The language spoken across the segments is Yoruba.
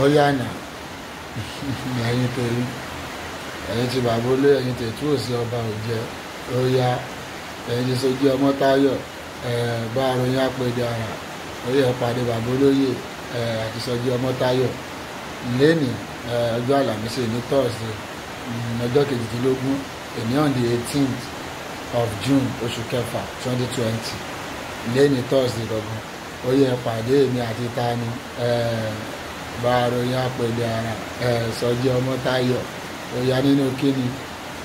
ó yànà ẹ̀yin tèmi ẹ̀yin ti bàbá olóyè ẹ̀yin tètú òsì ọba òjẹ ó yá ẹ̀yin ti sojú ọmọ táyọ̀ ẹ̀ bá aroyin apèdè ara ó yẹ pàdé bàbá olóyè ẹ̀ àti sojú ọmọ táyọ̀ lẹ́nìí ọjọ́ àlàmísì ní thursday mm, ọjọ́ kejìdínlógún èmi on the eighteenth of june oṣù kẹfà twenty twenty lẹ́nìí thursday lọ́gbọ̀n ó yẹ pàdé èmi àti tani ẹ̀ẹ́. bá ròyìn àpèdè ara ẹ̀ Sọjí Ọmọ́táyọ̀ òyà nínú kíni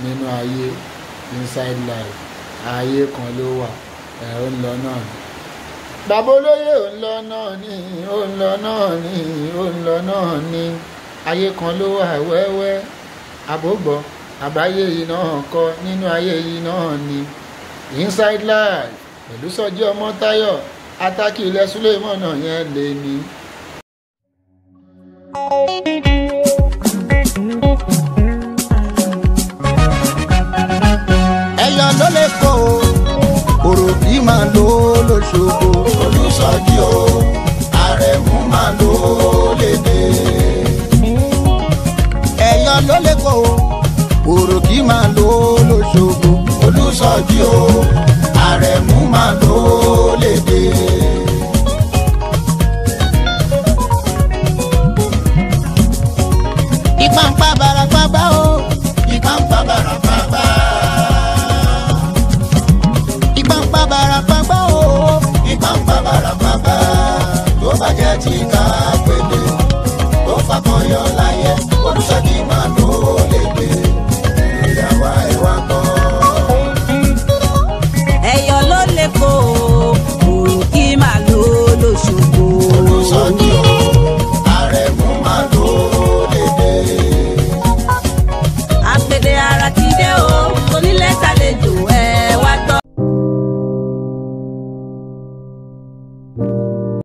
nínú ayé inside life ayé kan ló wà ẹ̀ ó ń lọ náà ni. bàbá olóyè ó ń lọ náà ni ó ń lọ náà ni ó ń lọ náà ni ayé kan ló wà wẹ́wẹ́ àbógbọ́ àbáyé yìí náà kọ nínú ayé yìí náà ni inside life pẹ̀lú Sọjí Ọmọ́táyọ̀ atákì ilẹ̀ Súlẹ̀mọ́nà yẹn lè ní. èèyàn ló lè kó o òròbí máa lò ó lóṣogbo. olùsọ́jí o àrẹ̀mú máa lò ó lédè. èèyàn ló lè kó o òròbí máa lò ó lóṣogbo. olùsọ́jí o àrẹ̀mú máa lò ó tá a pè ní ó fàkọyọ láti.